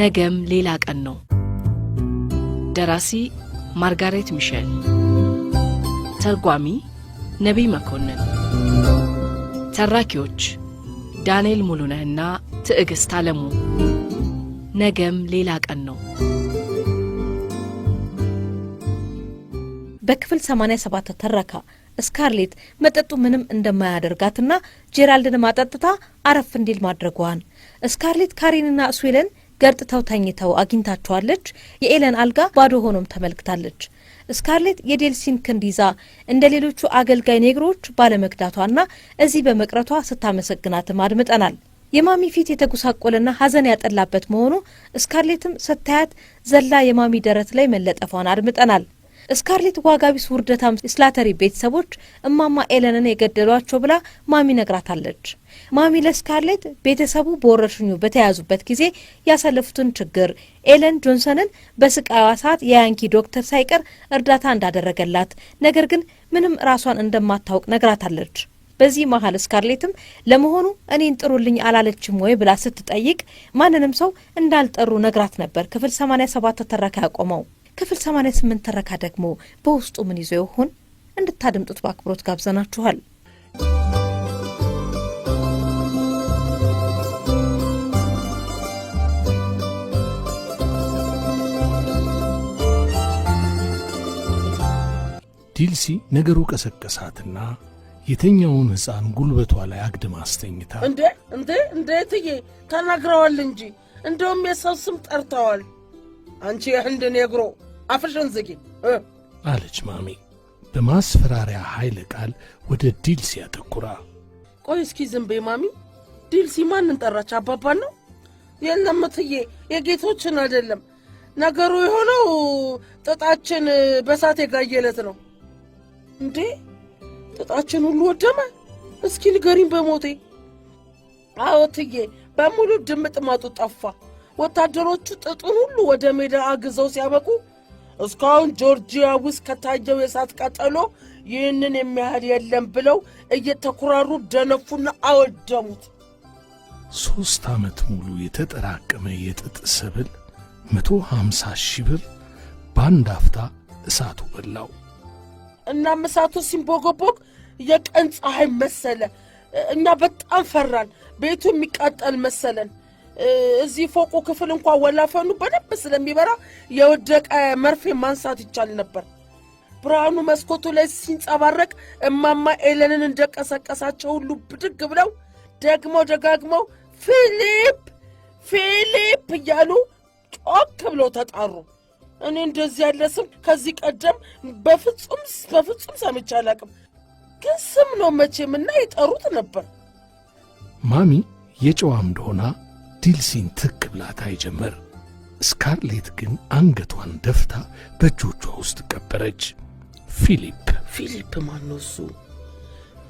ነገም ሌላ ቀን ነው። ደራሲ ማርጋሬት ሚሸል፣ ተርጓሚ ነቢይ መኮንን፣ ተራኪዎች ዳንኤል ሙሉነህና ትዕግሥት አለሙ። ነገም ሌላ ቀን ነው። በክፍል 87 ተረካ ስካርሌት መጠጡ ምንም እንደማያደርጋትና ጄራልድን ማጠጥታ አረፍ እንዲል ማድረጓን ስካርሌት ካሪንና ስዌለን ገርጥተው ተኝተው አግኝታቸዋለች። የኤለን አልጋ ባዶ ሆኖም ተመልክታለች። ስካርሌት የዴልሲን ክንድ ይዛ እንደ ሌሎቹ አገልጋይ ኔግሮች ባለመክዳቷና እዚህ በመቅረቷ ስታመሰግናትም አድምጠናል። የማሚ ፊት የተጎሳቆለና ሐዘን ያጠላበት መሆኑ ስካርሌትም ስታያት ዘላ የማሚ ደረት ላይ መለጠፏን አድምጠናል። ስካርሌት ዋጋ ቢስ ውርደታም ስላተሪ ቤተሰቦች እማማ ኤለንን የገደሏቸው ብላ ማሚ ነግራታለች። ማሚ ለስካርሌት ቤተሰቡ በወረርሽኙ በተያዙበት ጊዜ ያሳለፉትን ችግር፣ ኤለን ጆንሰንን በስቃዋ ሰዓት የያንኪ ዶክተር ሳይቀር እርዳታ እንዳደረገላት፣ ነገር ግን ምንም ራሷን እንደማታውቅ ነግራታለች። በዚህ መሀል ስካርሌትም ለመሆኑ እኔን ጥሩልኝ አላለችም ወይ ብላ ስትጠይቅ ማንንም ሰው እንዳልጠሩ ነግራት ነበር። ክፍል 87 ተተረካ ያቆመው ክፍል 88 ትረካ ደግሞ በውስጡ ምን ይዞ ይሆን እንድታደምጡት በአክብሮት ጋብዘናችኋል። ዲልሲ ነገሩ ቀሰቀሳትና የተኛውን ሕፃን ጉልበቷ ላይ አግድማ አስተኝታ እንዴ እንዴ እንዴ ትዬ ተናግረዋል እንጂ እንደውም የሰው ስም ጠርተዋል። አንቺ የህንድን የግሮ አፍሽን ዝጊ አለች ማሚ በማስፈራሪያ ኃይለ ቃል ወደ ዲልሲ ያተኩራ። ቆይ እስኪ ዝንቤ ማሚ፣ ዲልሲ ማንን ጠራች? አባባን ነው? የለም እትዬ፣ የጌቶችን አይደለም። ነገሩ የሆነው ጥጣችን በሳት የጋየለት ነው። እንዴ ጥጣችን ሁሉ ወደመ? እስኪ ንገሪን በሞቴ። አዎ እትዬ፣ በሙሉ ድምጥ ማጡ ጠፋ። ወታደሮቹ ጥጡን ሁሉ ወደ ሜዳ አግዘው ሲያበቁ እስካሁን ጆርጂያ ውስጥ ከታየው የእሳት ቃጠሎ ይህንን የሚያህል የለም ብለው እየተኩራሩ ደነፉና አወደሙት። ሦስት ዓመት ሙሉ የተጠራቀመ የጥጥ ሰብል መቶ ሃምሳ ሺህ ብር በአንድ አፍታ እሳቱ በላው። እናም እሳቱ ሲንቦገቦግ የቀን ፀሐይ መሰለ። እኛ በጣም ፈራን። ቤቱ የሚቃጠል መሰለን። እዚህ ፎቁ ክፍል እንኳ ወላፈኑ በደንብ ስለሚበራ የወደቀ መርፌ ማንሳት ይቻል ነበር። ብርሃኑ መስኮቱ ላይ ሲንጸባረቅ እማማ ኤለንን እንደቀሰቀሳቸው ሁሉ ብድግ ብለው ደግሞ ደጋግመው ፊሊፕ ፊሊፕ እያሉ ጮክ ብለው ተጣሩ። እኔ እንደዚህ ያለ ስም ከዚህ ቀደም በፍጹም በፍጹም ሰምቼ አላቅም። ግን ስም ነው መቼም እና ይጠሩት ነበር። ማሚ የጨዋ እንደሆና ዲልሲን ትክ ብላ ታይ ጀመር። ስካርሌት ግን አንገቷን ደፍታ በእጆቿ ውስጥ ቀበረች። ፊሊፕ ፊሊፕ ማን ነው እሱ?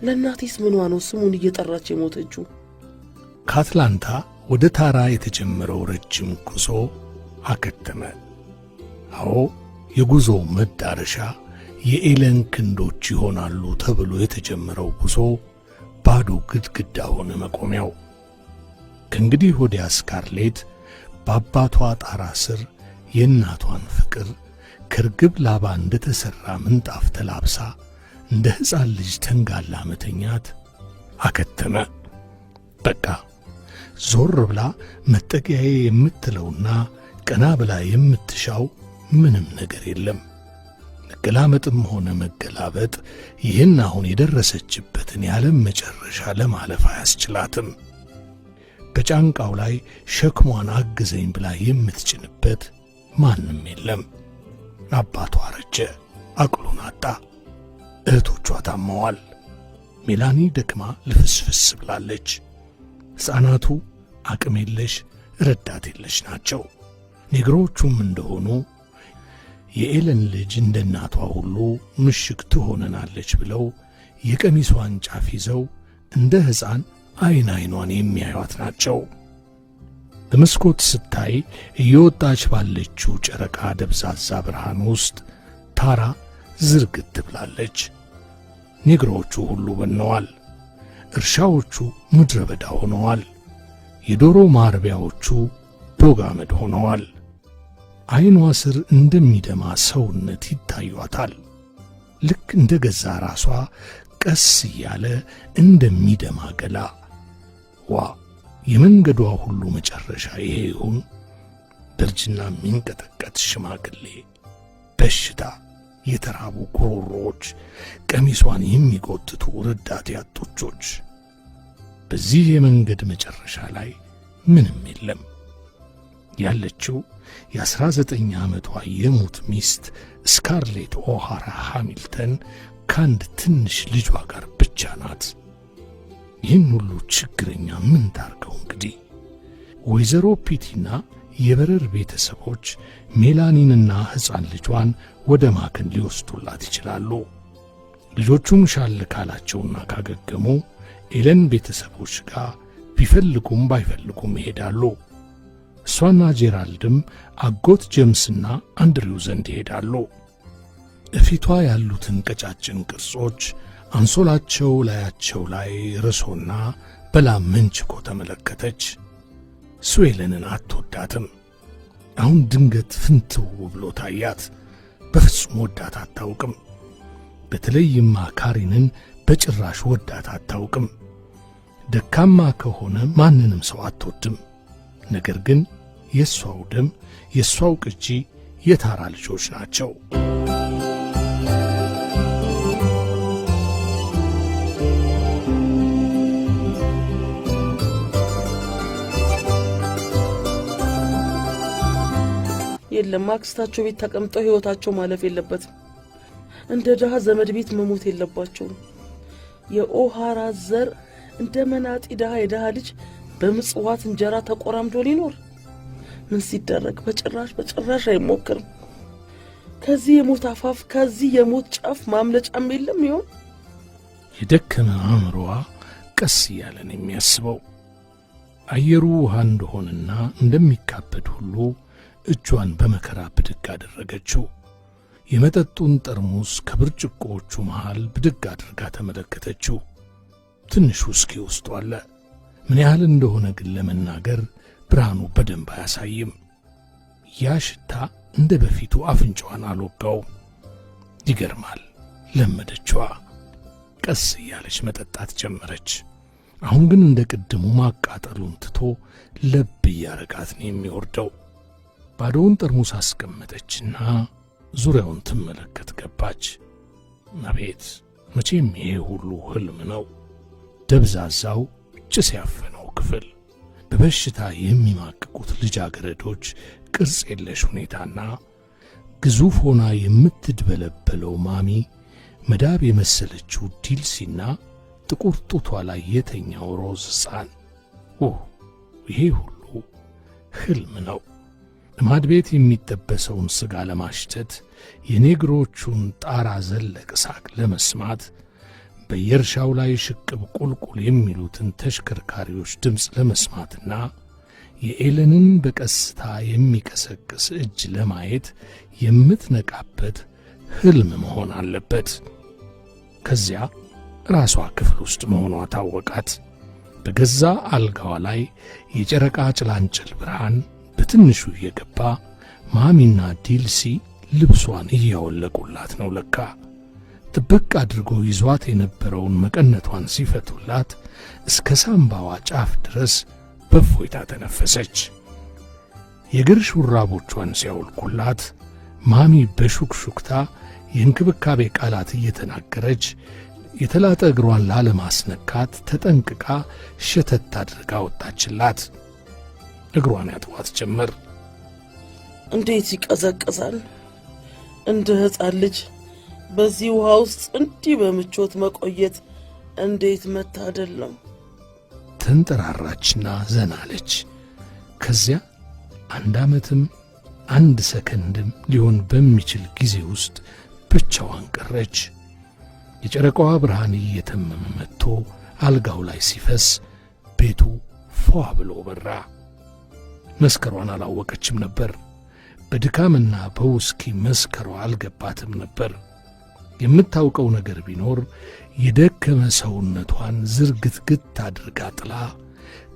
ለእናቴስ ምኗ ነው ስሙን እየጠራች የሞተችው? ከአትላንታ ወደ ታራ የተጀመረው ረጅም ጉዞ አከተመ። አዎ የጉዞው መዳረሻ የኤለን ክንዶች ይሆናሉ ተብሎ የተጀመረው ጉዞ ባዶ ግድግዳ ሆነ መቆሚያው። ከእንግዲህ ወዲያ ስካርሌት በአባቷ ጣራ ስር የእናቷን ፍቅር ከርግብ ላባ እንደ ተሠራ ምንጣፍ ተላብሳ እንደ ሕፃን ልጅ ተንጋላ መተኛት አከተመ። በቃ ዞር ብላ መጠጊያዬ የምትለውና ቀና ብላ የምትሻው ምንም ነገር የለም። መገላመጥም ሆነ መገላበጥ ይህን አሁን የደረሰችበትን ያለም መጨረሻ ለማለፍ አያስችላትም። በጫንቃው ላይ ሸክሟን አግዘኝ ብላ የምትጭንበት ማንም የለም። አባቷ አረጀ፣ አቅሉን አጣ። እህቶቿ ታመዋል። ሜላኒ ደክማ ልፍስፍስ ብላለች። ሕፃናቱ አቅም የለሽ ረዳት የለሽ ናቸው። ኔግሮቹም እንደሆኑ የኤለን ልጅ እንደ እናቷ ሁሉ ምሽግ ትሆነናለች ብለው የቀሚሷን ጫፍ ይዘው እንደ ሕፃን አይን አይኗን የሚያዩት ናቸው። በመስኮት ስታይ እየወጣች ባለችው ጨረቃ ደብዛዛ ብርሃን ውስጥ ታራ ዝርግት ብላለች። ኔግሮዎቹ ሁሉ በነዋል። እርሻዎቹ ምድረ በዳ ሆነዋል። የዶሮ ማርቢያዎቹ ቦጋመድ ሆነዋል። አይኗ ስር እንደሚደማ ሰውነት ይታዩታል። ልክ እንደ ገዛ ራሷ ቀስ እያለ እንደሚደማ ገላ ተጠቋ። የመንገዷ ሁሉ መጨረሻ ይሄ ይሁን? በእርጅና የሚንቀጠቀጥ ሽማግሌ፣ በሽታ፣ የተራቡ ጉሮሮዎች፣ ቀሚሷን የሚጎትቱ ረዳት ያጦቾች በዚህ የመንገድ መጨረሻ ላይ ምንም የለም። ያለችው የአስራ ዘጠኝ ዓመቷ የሙት ሚስት ስካርሌት ኦሃራ ሃሚልተን ከአንድ ትንሽ ልጇ ጋር ብቻ ናት። ይህን ሁሉ ችግረኛ ምን ታርገው እንግዲህ። ወይዘሮ ፒቲና የበረር ቤተሰቦች ሜላኒንና ሕፃን ልጇን ወደ ማክን ሊወስዱላት ይችላሉ። ልጆቹም ሻል ካላቸውና ካገገሙ ኤለን ቤተሰቦች ጋር ቢፈልጉም ባይፈልጉም ይሄዳሉ። እሷና ጄራልድም አጎት ጀምስና አንድሪው ዘንድ ይሄዳሉ። እፊቷ ያሉትን ቀጫጭን ቅርጾች አንሶላቸው ላያቸው ላይ ርሶና በላም መንችኮ ተመለከተች። ስዌለንን አትወዳትም። አሁን ድንገት ፍንትው ብሎ ታያት። በፍጹም ወዳት አታውቅም። በተለይማ ካሪንን በጭራሽ ወዳት አታውቅም። ደካማ ከሆነ ማንንም ሰው አትወድም። ነገር ግን የእሷው ደም የእሷው ቅጂ የታራ ልጆች ናቸው። የለም። አክስታቸው ቤት ተቀምጠው ህይወታቸው ማለፍ የለበትም። እንደ ድሃ ዘመድ ቤት መሞት የለባቸውም። የኦሃራ ዘር እንደ መናጢ ድሃ የድሃ ልጅ በምጽዋት እንጀራ ተቆራምዶ ሊኖር ምን ሲደረግ? በጭራሽ በጭራሽ አይሞክርም። ከዚህ የሞት አፋፍ ከዚህ የሞት ጫፍ ማምለጫም የለም ይሆን? የደከመ አእምሮዋ ቀስ እያለን የሚያስበው አየሩ ውሃ እንደሆነና እንደሚካበድ ሁሉ እጇን በመከራ ብድግ አደረገችው። የመጠጡን ጠርሙስ ከብርጭቆዎቹ መሃል ብድግ አድርጋ ተመለከተችው። ትንሽ ውስኪ ውስጡ አለ። ምን ያህል እንደሆነ ግን ለመናገር ብርሃኑ በደንብ አያሳይም። ያ ሽታ እንደ በፊቱ አፍንጫዋን አልወጋው። ይገርማል። ለመደችዋ። ቀስ እያለች መጠጣት ጀመረች። አሁን ግን እንደ ቅድሙ ማቃጠሉን ትቶ ለብ እያረጋት ነው የሚወርደው። ባዶውን ጠርሙስ አስቀመጠችና ዙሪያውን ትመለከት ገባች። አቤት መቼም ይሄ ሁሉ ህልም ነው። ደብዛዛው ጭስ ያፈነው ክፍል፣ በበሽታ የሚማቅቁት ልጃገረዶች ቅርጽ የለሽ ሁኔታና ግዙፍ ሆና የምትድበለበለው ማሚ፣ መዳብ የመሰለችው ዲልሲና ጥቁር ጡቷ ላይ የተኛው ሮዝ ሕፃን። ይሄ ሁሉ ህልም ነው። ልማድ ቤት የሚጠበሰውን ሥጋ ለማሽተት የኔግሮቹን ጣራ ዘለቅ ሳቅ ለመስማት በየእርሻው ላይ ሽቅብ ቁልቁል የሚሉትን ተሽከርካሪዎች ድምፅ ለመስማትና የኤለንን በቀስታ የሚቀሰቅስ እጅ ለማየት የምትነቃበት ሕልም መሆን አለበት። ከዚያ ራሷ ክፍል ውስጥ መሆኗ ታወቃት። በገዛ አልጋዋ ላይ የጨረቃ ጭላንጭል ብርሃን በትንሹ እየገባ ማሚና ዲልሲ ልብሷን እያወለቁላት ነው። ለካ ጥብቅ አድርጎ ይዟት የነበረውን መቀነቷን ሲፈቱላት እስከ ሳምባዋ ጫፍ ድረስ በፎይታ ተነፈሰች። የእግር ሹራቦቿን ሲያወልቁላት ማሚ በሹክሹክታ የእንክብካቤ ቃላት እየተናገረች የተላጠ እግሯን ላለማስነካት ተጠንቅቃ ሸተት አድርጋ ወጣችላት። እግሯን ያጥቧት ጀመር። እንዴት ይቀዘቅዛል! እንደ ሕፃን ልጅ በዚህ ውሃ ውስጥ እንዲህ በምቾት መቆየት እንዴት መታደል ነው! ተንጠራራችና ዘናለች። ከዚያ አንድ ዓመትም አንድ ሰከንድም ሊሆን በሚችል ጊዜ ውስጥ ብቻዋን ቀረች። የጨረቃዋ ብርሃን እየተመመ መጥቶ አልጋው ላይ ሲፈስ ቤቱ ፏ ብሎ በራ። መስከሯን አላወቀችም ነበር። በድካምና በውስኪ መስከሯ አልገባትም ነበር። የምታውቀው ነገር ቢኖር የደከመ ሰውነቷን ዝርግትግት አድርጋ ጥላ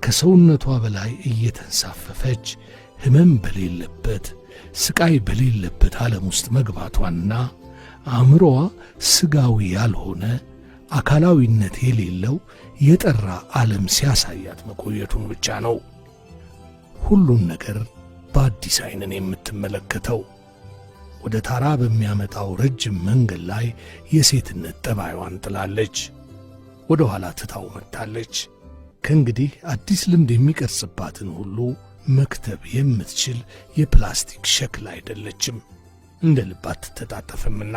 ከሰውነቷ በላይ እየተንሳፈፈች ሕመም በሌለበት ስቃይ በሌለበት ዓለም ውስጥ መግባቷና አእምሮዋ ስጋዊ ያልሆነ አካላዊነት የሌለው የጠራ ዓለም ሲያሳያት መቆየቱን ብቻ ነው። ሁሉን ነገር በአዲስ ዓይንን የምትመለከተው ወደ ታራ በሚያመጣው ረጅም መንገድ ላይ የሴትነት ጠባይዋን ጥላለች። ወደ ኋላ ትታው መጥታለች። ከእንግዲህ አዲስ ልምድ የሚቀርጽባትን ሁሉ መክተብ የምትችል የፕላስቲክ ሸክላ አይደለችም፣ እንደ ልብ አትተጣጠፍምና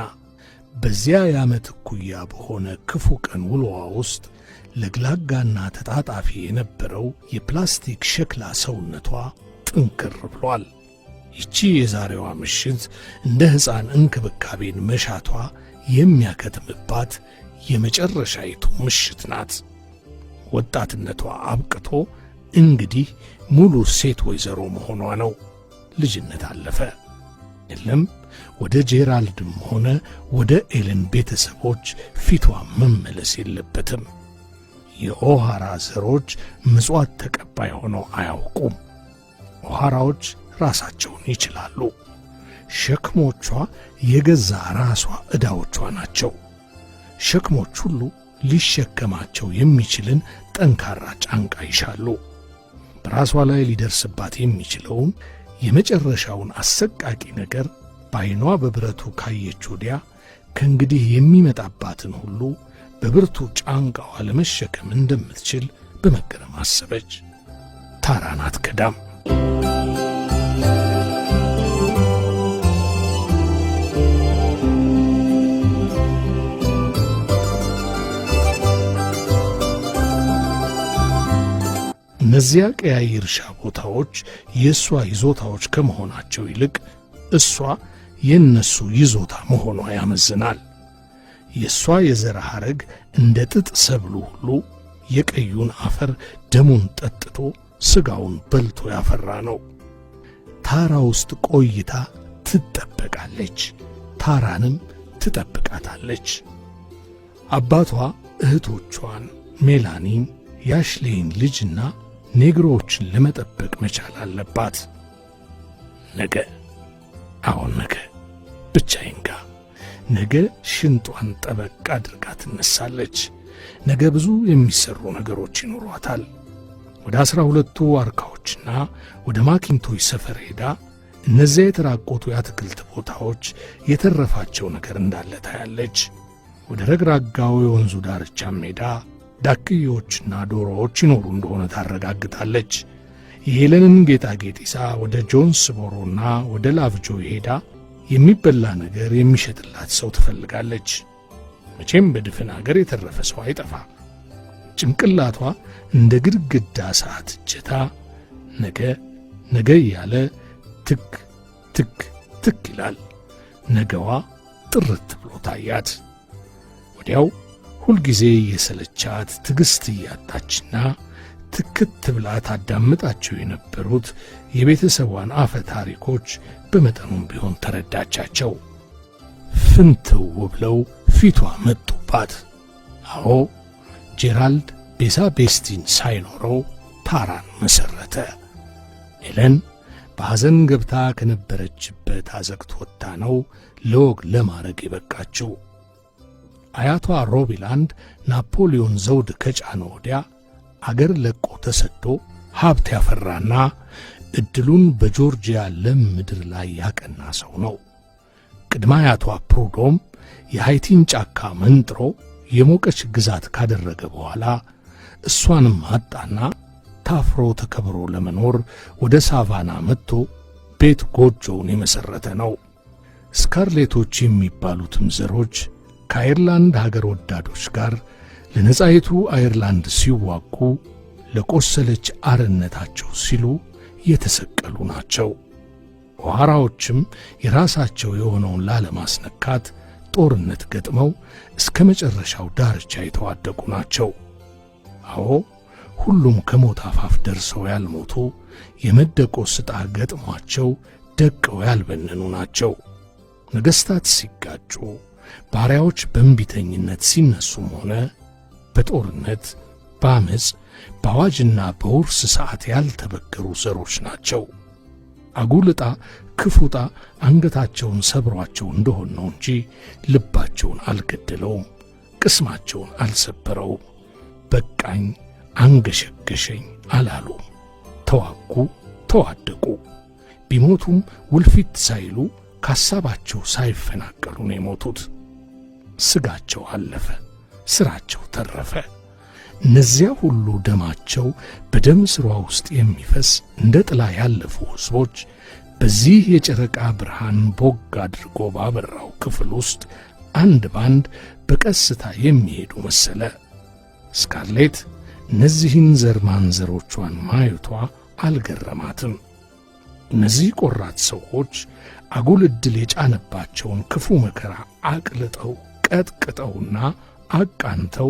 በዚያ የዓመት እኩያ በሆነ ክፉ ቀን ውሎዋ ውስጥ ለግላጋና ተጣጣፊ የነበረው የፕላስቲክ ሸክላ ሰውነቷ ጥንክር ብሏል። ይቺ የዛሬዋ ምሽት እንደ ሕፃን እንክብካቤን መሻቷ የሚያከትምባት የመጨረሻይቱ ምሽት ናት። ወጣትነቷ አብቅቶ እንግዲህ ሙሉ ሴት ወይዘሮ መሆኗ ነው። ልጅነት አለፈ። የለም ወደ ጄራልድም ሆነ ወደ ኤለን ቤተሰቦች ፊቷ መመለስ የለበትም። የኦሃራ ዘሮች ምጽዋት ተቀባይ ሆነው አያውቁም። ኦሃራዎች ራሳቸውን ይችላሉ። ሸክሞቿ የገዛ ራሷ ዕዳዎቿ ናቸው። ሸክሞች ሁሉ ሊሸከማቸው የሚችልን ጠንካራ ጫንቃ ይሻሉ። በራሷ ላይ ሊደርስባት የሚችለውን የመጨረሻውን አሰቃቂ ነገር በዐይኗ በብረቱ ካየች ወዲያ ከእንግዲህ የሚመጣባትን ሁሉ በብርቱ ጫንቃዋ ለመሸከም እንደምትችል በመገረም አሰበች። ታራናት ከዳም። እነዚያ ቀያይ እርሻ ቦታዎች የእሷ ይዞታዎች ከመሆናቸው ይልቅ እሷ የእነሱ ይዞታ መሆኗ ያመዝናል። የእሷ የዘር ሐረግ እንደ ጥጥ ሰብሉ ሁሉ የቀዩን አፈር ደሙን ጠጥቶ ሥጋውን በልቶ ያፈራ ነው። ታራ ውስጥ ቆይታ ትጠበቃለች፣ ታራንም ትጠብቃታለች። አባቷ እህቶቿን ሜላኒን፣ ያሽሌን ልጅና ኔግሮዎችን ለመጠበቅ መቻል አለባት። ነገ አሁን ነገ ብቻዬን ይንጋ! ነገ ሽንጧን ጠበቅ አድርጋ ትነሳለች። ነገ ብዙ የሚሰሩ ነገሮች ይኖሯታል። ወደ አስራ ሁለቱ ዋርካዎችና ወደ ማኪንቶይ ሰፈር ሄዳ እነዚያ የተራቆቱ የአትክልት ቦታዎች የተረፋቸው ነገር እንዳለ ታያለች። ወደ ረግራጋው የወንዙ ዳርቻ ሜዳ ዳክዬዎችና ዶሮዎች ይኖሩ እንደሆነ ታረጋግጣለች። የሄለንን ጌጣጌጥ ይዛ ወደ ጆንስ ቦሮና ወደ ላቭጆ ሄዳ የሚበላ ነገር የሚሸጥላት ሰው ትፈልጋለች። መቼም በድፍን አገር የተረፈ ሰው አይጠፋ። ጭንቅላቷ እንደ ግድግዳ ሰዓት እጀታ ነገ ነገ እያለ ትክ ትክ ትክ ይላል። ነገዋ ጥርት ብሎ ታያት። ወዲያው ሁልጊዜ የሰለቻት ትዕግሥት እያጣችና ትክት ብላ ታዳምጣቸው የነበሩት የቤተሰቧን አፈ ታሪኮች በመጠኑም ቢሆን ተረዳቻቸው። ፍንትው ብለው ፊቷ መጡባት። አዎ ጄራልድ ቤዛ ቤስቲን ሳይኖረው ታራን መሠረተ። ኤለን በሐዘን ገብታ ከነበረችበት አዘቅት ወጥታ ነው ለወግ ለማድረግ የበቃችው። አያቷ ሮቢላንድ ናፖሊዮን ዘውድ ከጫነ ወዲያ አገር ለቆ ተሰዶ ሀብት ያፈራና እድሉን በጆርጂያ ለም ምድር ላይ ያቀና ሰው ነው። ቅድማያቷ አያቷ ፕሩዶም የሃይቲን ጫካ መንጥሮ የሞቀች ግዛት ካደረገ በኋላ እሷንም አጣና ታፍሮ ተከብሮ ለመኖር ወደ ሳቫና መጥቶ ቤት ጎጆውን የመሠረተ ነው። ስካርሌቶች የሚባሉትም ዘሮች ከአይርላንድ ሀገር ወዳዶች ጋር ለነጻይቱ አየርላንድ ሲዋጉ ለቆሰለች አርነታቸው ሲሉ የተሰቀሉ ናቸው። ኦሃራዎችም የራሳቸው የሆነውን ላለማስነካት ጦርነት ገጥመው እስከ መጨረሻው ዳርቻ የተዋደቁ ናቸው። አዎ ሁሉም ከሞት አፋፍ ደርሰው ያልሞቱ የመደቆ ስጣ ገጥሟቸው ደቀው ያልበነኑ ናቸው። ነገሥታት ሲጋጩ፣ ባሪያዎች በእንቢተኝነት ሲነሱም ሆነ በጦርነት በአመፅ በአዋጅና በውርስ ሰዓት ያልተበገሩ ዘሮች ናቸው። አጉልጣ ክፉጣ አንገታቸውን ሰብሯቸው እንደሆን ነው እንጂ ልባቸውን አልገደለውም፣ ቅስማቸውን አልሰበረውም። በቃኝ አንገሸገሸኝ አላሉ። ተዋጉ፣ ተዋደቁ። ቢሞቱም ውልፊት ሳይሉ ከሐሳባቸው ሳይፈናቀሉ ነው የሞቱት። ስጋቸው አለፈ። ስራቸው ተረፈ። እነዚያ ሁሉ ደማቸው በደም ስሯ ውስጥ የሚፈስ እንደ ጥላ ያለፉ ህዝቦች በዚህ የጨረቃ ብርሃን ቦግ አድርጎ ባበራው ክፍል ውስጥ አንድ ባንድ በቀስታ የሚሄዱ መሰለ። ስካርሌት እነዚህን ዘር ማንዘሮቿን ማየቷ አልገረማትም። እነዚህ ቆራት ሰዎች አጉል ዕድል የጫነባቸውን ክፉ መከራ አቅልጠው ቀጥቅጠውና አቃንተው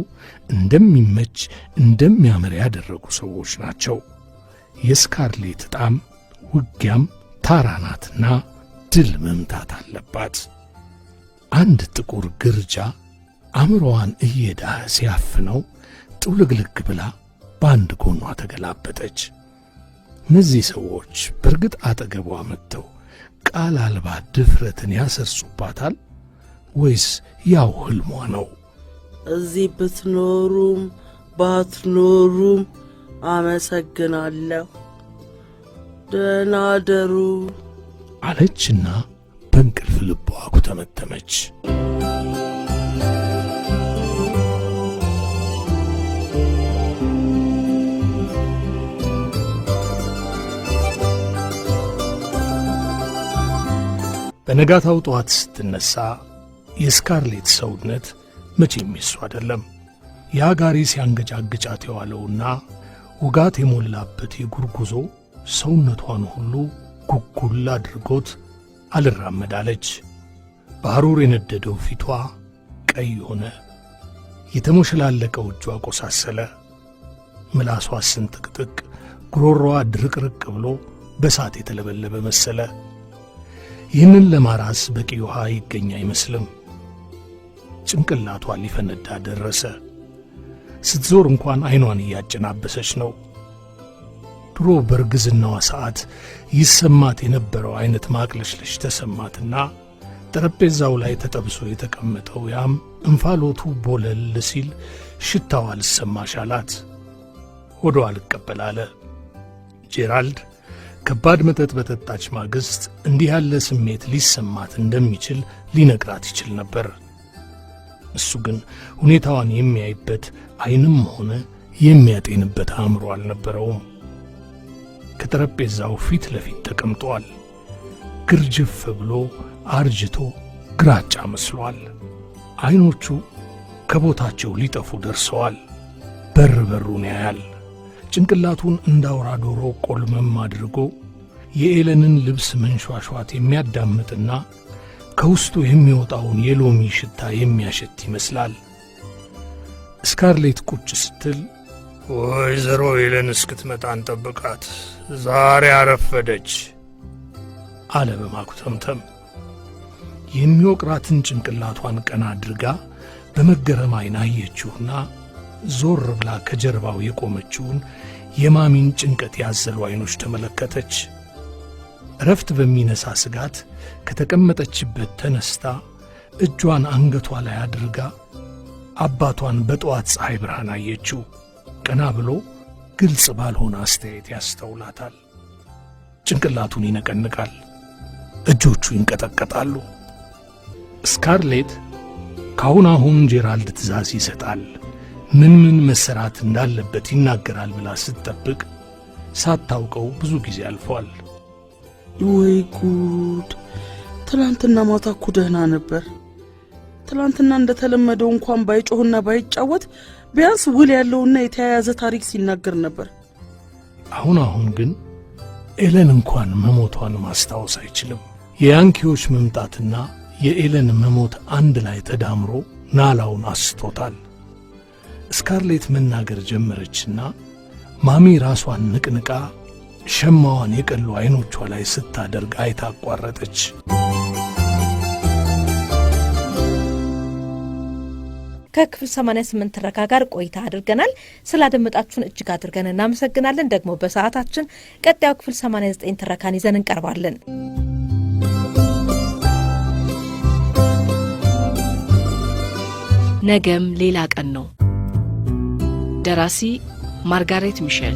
እንደሚመች እንደሚያምር ያደረጉ ሰዎች ናቸው። የስካርሌት ጣም ውጊያም ታራናትና ድል መምታት አለባት። አንድ ጥቁር ግርጃ አእምሮዋን እየዳህ ሲያፍነው ጥውልግልግ ብላ በአንድ ጎኗ ተገላበጠች። እነዚህ ሰዎች በእርግጥ አጠገቧ መጥተው ቃል አልባ ድፍረትን ያሰርጹባታል ወይስ ያው ህልሟ ነው? እዚህ ብትኖሩም ባትኖሩም አመሰግናለሁ። ደህና ደሩ አለችና በእንቅልፍ ልቧ ኩተመተመች። በነጋታው ጠዋት ስትነሳ የስካርሌት ሰውነት መቼም የሱ አይደለም። ያ ጋሪ ሲያንገጫግጫት የዋለውና ውጋት የሞላበት የእግር ጉዞ ሰውነቷን ሁሉ ጉጉል አድርጎት አልራመዳለች። በሐሩር የነደደው ፊቷ ቀይ ሆነ። የተሞሸላለቀው እጇ ቆሳሰለ። ምላሷ ስንጥቅጥቅ፣ ጉሮሮዋ ድርቅርቅ ብሎ በሳት የተለበለበ መሰለ። ይህንን ለማራስ በቂ ውሃ ይገኝ አይመስልም። ጭንቅላቷ ሊፈነዳ ደረሰ። ስትዞር እንኳን አይኗን እያጨናበሰች ነው። ድሮ በእርግዝናዋ ሰዓት ይሰማት የነበረው አይነት ማቅለሽለሽ ተሰማትና ጠረጴዛው ላይ ተጠብሶ የተቀመጠው ያም እንፋሎቱ ቦለል ሲል ሽታዋ አልሰማሽ አላት። ሆዶ አልቀበል አለ። ጄራልድ ከባድ መጠጥ በጠጣች ማግስት እንዲህ ያለ ስሜት ሊሰማት እንደሚችል ሊነግራት ይችል ነበር። እሱ ግን ሁኔታዋን የሚያይበት አይንም ሆነ የሚያጤንበት አእምሮ አልነበረውም። ከጠረጴዛው ፊት ለፊት ተቀምጧል። ግርጅፍ ብሎ አርጅቶ ግራጫ መስሏል። አይኖቹ ከቦታቸው ሊጠፉ ደርሰዋል። በር በሩን ያያል። ጭንቅላቱን እንዳውራ ዶሮ ቆልመም አድርጎ የኤለንን ልብስ መንሿሿት የሚያዳምጥና ከውስጡ የሚወጣውን የሎሚ ሽታ የሚያሸት ይመስላል። ስካርሌት ቁጭ ስትል ወይዘሮ ሄለን እስክትመጣ እንጠብቃት፣ ዛሬ አረፈደች አለ በማኩተምተም። የሚወቅራትን ጭንቅላቷን ቀና አድርጋ በመገረም አይና አየችውና ዞር ብላ ከጀርባው የቆመችውን የማሚን ጭንቀት ያዘሉ ዐይኖች ተመለከተች። እረፍት በሚነሳ ስጋት ከተቀመጠችበት ተነስታ እጇን አንገቷ ላይ አድርጋ አባቷን በጠዋት ፀሐይ ብርሃን አየችው። ቀና ብሎ ግልጽ ባልሆነ አስተያየት ያስተውላታል። ጭንቅላቱን ይነቀንቃል። እጆቹ ይንቀጠቀጣሉ። ስካርሌት ከአሁን አሁን ጄራልድ ትእዛዝ ይሰጣል፣ ምን ምን መሰራት እንዳለበት ይናገራል ብላ ስትጠብቅ ሳታውቀው ብዙ ጊዜ አልፏል። ወይ ጉድ! ትላንትና ማታ እኮ ደህና ነበር። ትላንትና እንደተለመደው እንኳን ባይጮህና ባይጫወት ቢያንስ ውል ያለውና የተያያዘ ታሪክ ሲናገር ነበር። አሁን አሁን ግን ኤለን እንኳን መሞቷን ማስታወስ አይችልም። የያንኪዎች መምጣትና የኤለን መሞት አንድ ላይ ተዳምሮ ናላውን አስቶታል። ስካርሌት መናገር ጀመረችና ማሚ ራሷን ንቅንቃ ሸማዋን የቀሉ አይኖቿ ላይ ስታደርግ አይታ አቋረጠች። ከክፍል 88 ትረካ ጋር ቆይታ አድርገናል። ስላደመጣችሁን እጅግ አድርገን እናመሰግናለን። ደግሞ በሰዓታችን ቀጣዩ ክፍል 89 ትረካን ይዘን እንቀርባለን። ነገም ሌላ ቀን ነው። ደራሲ ማርጋሬት ሚሼል